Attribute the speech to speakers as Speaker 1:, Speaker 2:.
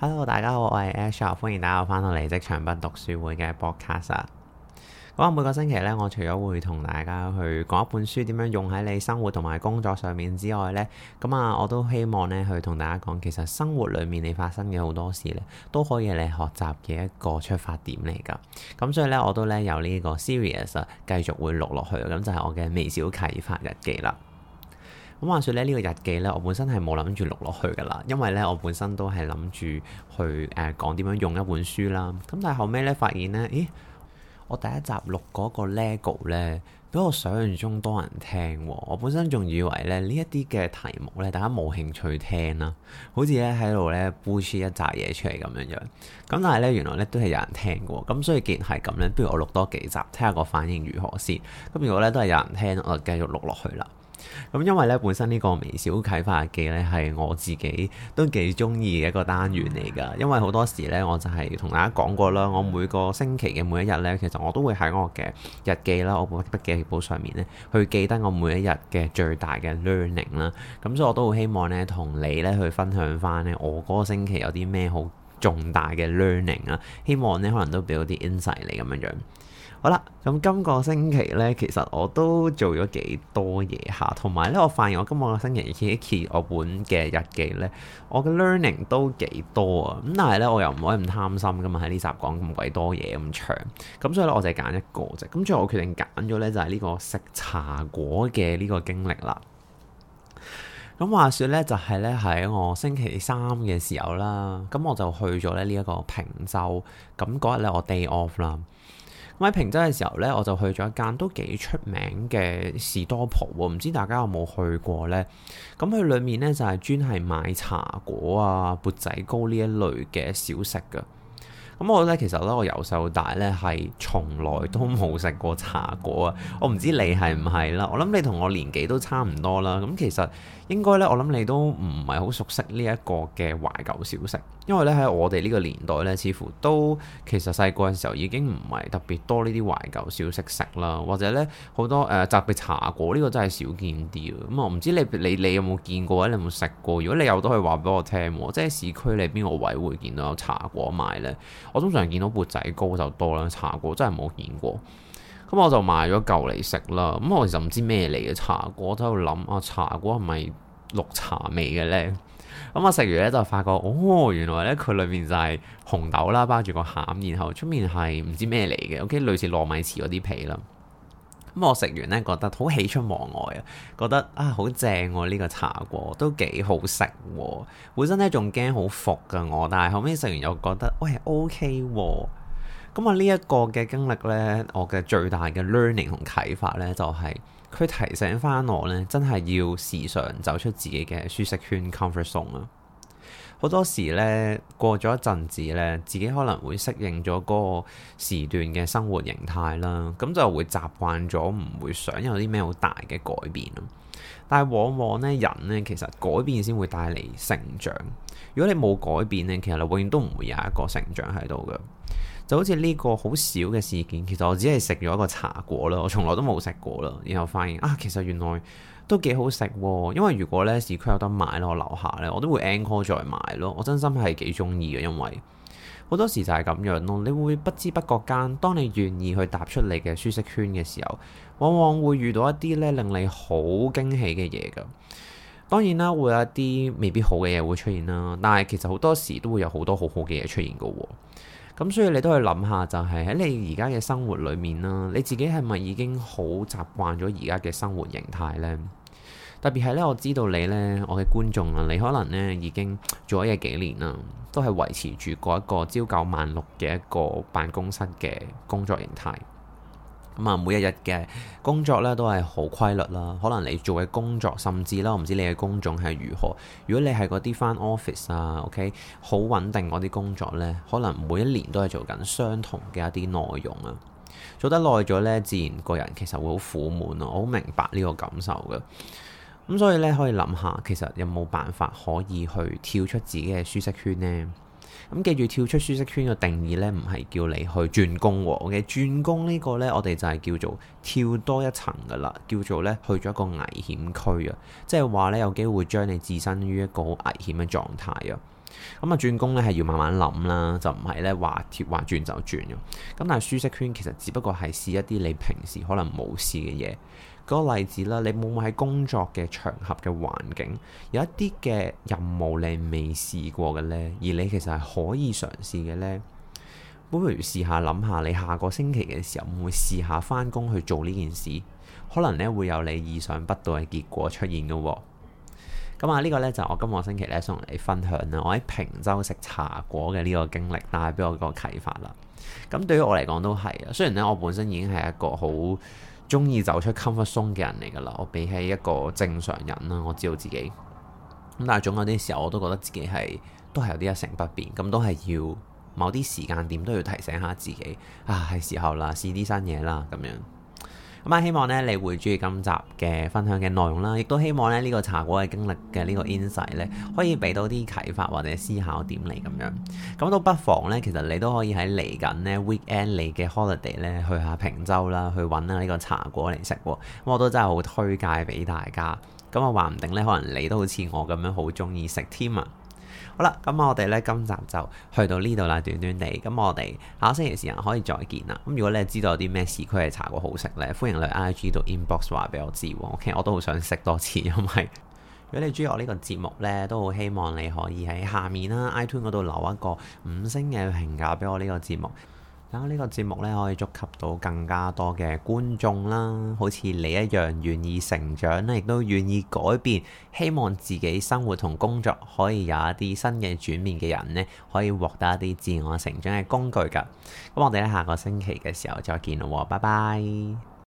Speaker 1: Hello，大家好，我係 Ash，歡迎大家翻到嚟職場不讀書會嘅 podcast。咁啊，每個星期咧，我除咗會同大家去講一本書點樣用喺你生活同埋工作上面之外咧，咁啊，我都希望咧去同大家講，其實生活裏面你發生嘅好多事咧，都可以係你學習嘅一個出發點嚟噶。咁所以咧，我都咧由呢個 serious 繼續會錄落去，咁就係我嘅微小啟發日記啦。咁話説咧，呢、呢個日記呢，我本身係冇諗住錄落去噶啦，因為呢，我本身都係諗住去誒、呃、講點樣用一本書啦。咁但係後尾呢，發現呢，咦，我第一集錄嗰個 LEGO 咧，比我想像中多人聽。我本身仲以為咧，呢一啲嘅題目呢，大家冇興趣聽啦，好似咧喺度呢，煲出一扎嘢出嚟咁樣樣。咁但係呢，原來呢都係有人聽嘅。咁所以既然係咁呢，不如我錄多幾集，睇下個反應如何先。咁如果呢都係有人聽，我就繼續錄落去啦。咁因為咧，本身呢個微小啟發日記咧，係我自己都幾中意嘅一個單元嚟噶。因為好多時咧，我就係同大家講過啦，我每個星期嘅每一日咧，其實我都會喺我嘅日記啦，我本筆記簿上面咧，去記得我每一日嘅最大嘅 learning 啦。咁所以我都好希望咧，同你咧去分享翻咧，我嗰個星期有啲咩好重大嘅 learning 啊。希望咧，可能都俾到啲 insight 你咁樣樣。好啦，咁今個星期咧，其實我都做咗幾多嘢下，啊，同埋咧，我發現我今個星期 keep 我本嘅日記咧，我嘅 learning 都幾多啊。咁但係咧，我又唔可以咁貪心噶嘛，喺呢集講咁鬼多嘢咁長，咁所以咧，我就揀一個啫。咁最後我決定揀咗咧，就係呢個食茶粿嘅呢個經歷啦。咁話說咧，就係咧喺我星期三嘅時候啦，咁我就去咗咧呢一個坪洲。咁嗰日咧，我 day off 啦。喺坪洲嘅時候咧，我就去咗一間都幾出名嘅士多鋪喎，唔知大家有冇去過咧？咁佢裏面咧，就係專係賣茶粿啊、缽仔糕呢一類嘅小食噶。咁我咧其實咧，我由細到大咧係從來都冇食過茶果啊！我唔知你係唔係啦。我諗你同我年紀都差唔多啦。咁其實應該咧，我諗你都唔係好熟悉呢一個嘅懷舊小食，因為咧喺我哋呢個年代咧，似乎都其實細個嘅時候已經唔係特別多呢啲懷舊小食食啦，或者咧好多誒特、呃、別茶果呢、呢個真係少見啲咁、嗯、我唔知你你你有冇見過咧？你有冇食過，過？如果你有，都可以話俾我聽。即係市區裡邊個位會見到有茶果賣咧？我通常見到缽仔糕就多啦，茶粿真係冇見過，咁我就買咗嚿嚟食啦。咁我其實唔知咩嚟嘅茶粿，我喺度諗啊，茶粿係咪綠茶味嘅咧？咁我食完咧就發覺，哦，原來咧佢裏面就係紅豆啦，包住個餡，然後出面係唔知咩嚟嘅，OK，類似糯米糍嗰啲皮啦。咁、嗯、我食完咧，覺得好喜出望外啊！覺得啊，好正喎，呢、這個茶果都幾好食喎。本身咧仲驚好服㗎我，但係後尾食完又覺得，喂，O K 喎。咁、啊嗯我，我，就是、我呢一個嘅經歷咧，我嘅最大嘅 learning 同啟發咧，就係佢提醒返我咧，真係要時常走出自己嘅舒適圈 （comfort zone） 啊。好多時咧過咗一陣子咧，自己可能會適應咗嗰個時段嘅生活形態啦，咁就會習慣咗，唔會想有啲咩好大嘅改變。但係往往咧人咧，其實改變先會帶嚟成長。如果你冇改變咧，其實你永遠都唔會有一個成長喺度嘅。就好似呢個好少嘅事件，其實我只係食咗一個茶粿啦，我從來都冇食過啦，然後發現啊，其實原來都幾好食喎。因為如果呢市區有得買咧，我樓下呢我都會 anchor 再買咯。我真心係幾中意嘅，因為好多時就係咁樣咯。你會不知不覺間，當你願意去踏出你嘅舒適圈嘅時候，往往會遇到一啲呢令你好驚喜嘅嘢噶。當然啦，會有一啲未必好嘅嘢會出現啦，但係其實好多時都會有好多好好嘅嘢出現噶喎。咁所以你都去諗下，就係喺你而家嘅生活裏面啦，你自己係咪已經好習慣咗而家嘅生活形態呢？特別係呢，我知道你呢，我嘅觀眾啊，你可能呢已經做咗嘢幾年啦，都係維持住嗰一個朝九晚六嘅一個辦公室嘅工作形態。咁啊，每一日嘅工作咧都係好規律啦。可能你做嘅工作，甚至啦，我唔知你嘅工種係如何。如果你係嗰啲返 office 啊，OK，好穩定嗰啲工作呢，可能每一年都係做緊相同嘅一啲內容啊。做得耐咗呢，自然個人其實會好苦悶啊。我好明白呢個感受嘅。咁所以呢，可以諗下，其實有冇辦法可以去跳出自己嘅舒適圈呢？咁記住跳出舒適圈嘅定義咧，唔係叫你去轉工嘅，轉工呢個咧，我哋就係叫做跳多一層噶啦，叫做咧去咗一個危險區啊，即係話咧有機會將你置身於一個好危險嘅狀態啊。咁啊，轉工咧係要慢慢諗啦，轉就唔係咧話貼話轉就轉。咁但係舒適圈其實只不過係試一啲你平時可能冇試嘅嘢。嗰、那個例子啦，你會唔會喺工作嘅場合嘅環境有一啲嘅任務你未試過嘅呢？而你其實係可以嘗試嘅咧？不如試下諗下，你下個星期嘅時候，會唔會試下返工去做呢件事？可能咧會有你意想不到嘅結果出現嘅喎、啊。咁啊，呢、這個呢就我今個星期呢想同你分享啦，我喺坪洲食茶粿嘅呢個經歷帶俾我個啟發啦。咁對於我嚟講都係啊，雖然呢，我本身已經係一個好中意走出 comfort zone 嘅人嚟噶啦，我比起一個正常人啦，我知道自己咁，但係總有啲時候我都覺得自己係都係有啲一成不變，咁都係要某啲時間點都要提醒下自己啊，係時候啦，試啲新嘢啦咁樣。咁啊，希望咧你會中意今集嘅分享嘅內容啦，亦都希望咧呢個茶果嘅經歷嘅呢個 insight 咧，可以俾到啲啟發或者思考點嚟咁樣。咁都不妨咧，其實你都可以喺嚟緊呢 weekend 你嘅 holiday 咧，去下坪洲啦，去揾下呢個茶果嚟食喎。咁我都真係好推介俾大家。咁啊，話唔定咧，可能你都好似我咁樣好中意食添啊！好啦，咁我哋呢今集就去到呢度啦，短短地。咁我哋下星期嘅時間可以再見啦。咁如果你知道有啲咩市區嘅茶果好食呢，歡迎嚟 I G 度 inbox 話俾我知。OK，我都好想食多次，因為 如果你中意我呢個節目呢，都好希望你可以喺下面啦，iTunes 嗰度留一個五星嘅評價俾我呢個節目。咁呢個節目咧，可以觸及到更加多嘅觀眾啦。好似你一樣願意成長咧，亦都願意改變，希望自己生活同工作可以有一啲新嘅轉變嘅人咧，可以獲得一啲自我成長嘅工具㗎。咁我哋咧，下個星期嘅時候再見囉，拜拜。